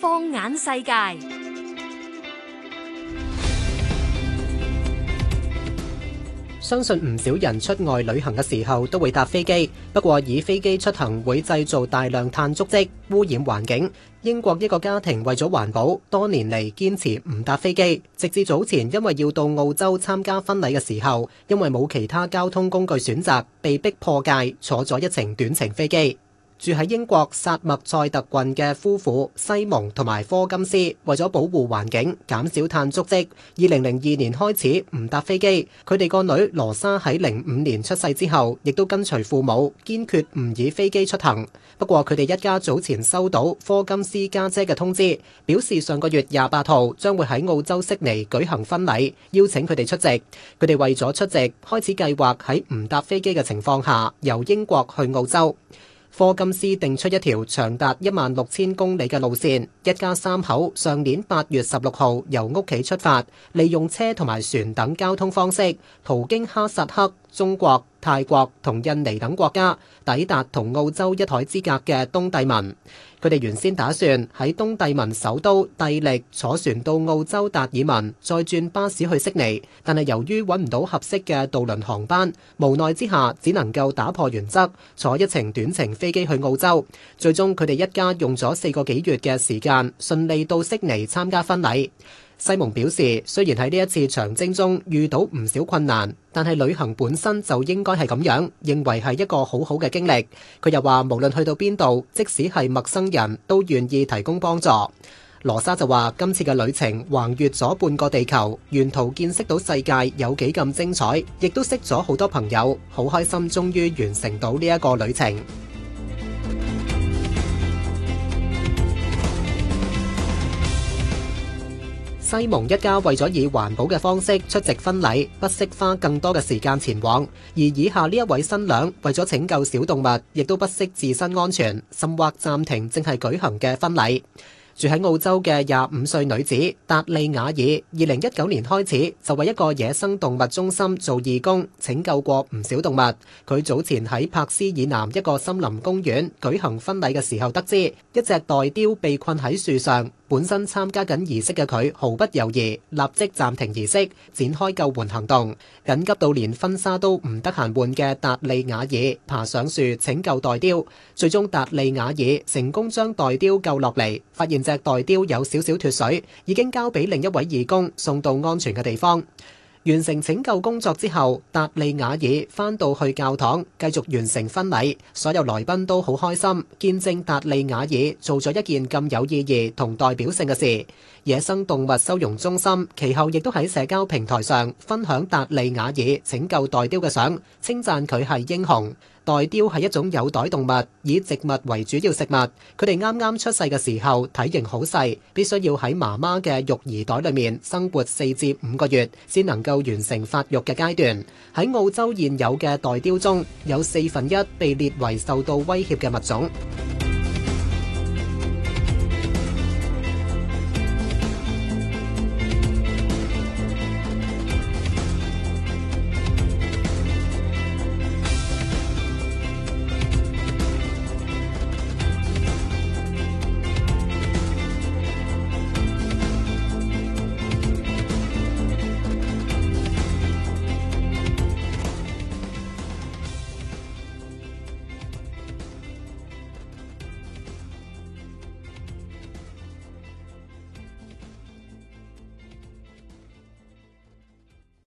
放眼世界。相信唔少人出外旅行嘅時候都會搭飛機，不過以飛機出行會製造大量碳足迹污染環境。英國一個家庭為咗環保，多年嚟堅持唔搭飛機，直至早前因為要到澳洲參加婚禮嘅時候，因為冇其他交通工具選擇被迫破戒坐咗一程短程飛機。住喺英國薩默塞特郡嘅夫婦西蒙同埋科金斯，為咗保護環境、減少碳足迹，二零零二年開始唔搭飛機。佢哋個女羅莎喺零五年出世之後，亦都跟隨父母堅決唔以飛機出行。不過佢哋一家早前收到科金斯家姐嘅通知，表示上個月廿八號將會喺澳洲悉尼舉行婚禮，邀請佢哋出席。佢哋為咗出席，開始計劃喺唔搭飛機嘅情況下，由英國去澳洲。科金斯定出一條長達一萬六千公里嘅路線，一家三口上年八月十六號由屋企出發，利用車同埋船等交通方式，途經哈薩克、中國、泰國同印尼等國家，抵達同澳洲一海之隔嘅東帝汶，佢哋原先打算喺東帝汶首都帝力坐船到澳洲達爾文，再轉巴士去悉尼。但係由於揾唔到合適嘅渡輪航班，無奈之下只能夠打破原則，坐一程短程飛機去澳洲。最終佢哋一家用咗四個幾月嘅時間，順利到悉尼參加婚禮。西蒙表示，雖然喺呢一次長征中遇到唔少困難，但係旅行本身就應該係咁樣，認為係一個好好嘅經歷。佢又話，無論去到邊度，即使係陌生人都願意提供幫助。羅莎就話，今次嘅旅程橫越咗半個地球，沿途見識到世界有幾咁精彩，亦都識咗好多朋友，好開心終於完成到呢一個旅程。西蒙一家為咗以環保嘅方式出席婚禮，不惜花更多嘅時間前往；而以下呢一位新娘為咗拯救小動物，亦都不惜自身安全，甚或暫停正係舉行嘅婚禮。住喺澳洲嘅廿五歲女子達利瓦爾，二零一九年開始就為一個野生動物中心做義工，拯救過唔少動物。佢早前喺柏斯以南一個森林公園舉行婚禮嘅時候，得知一隻袋貂被困喺樹上。本身參加緊儀式嘅佢毫不猶豫，立即暫停儀式，展開救援行動。緊急到連婚紗都唔得閒換嘅達利亞爾爬上樹拯救袋貂，最終達利亞爾成功將袋貂救落嚟。發現隻袋貂有少少脫水，已經交俾另一位義工送到安全嘅地方。完成拯救工作之後，達利瓦爾返到去教堂繼續完成婚禮，所有來賓都好開心，見證達利瓦爾做咗一件咁有意義同代表性嘅事。野生動物收容中心其後亦都喺社交平台上分享達利瓦爾拯救袋貂嘅相，稱讚佢係英雄。袋貂係一種有袋動物，以植物為主要食物。佢哋啱啱出世嘅時候體型好細，必須要喺媽媽嘅育兒袋裡面生活四至五個月，先能夠完成發育嘅階段。喺澳洲現有嘅袋貂中，有四分一被列為受到威脅嘅物種。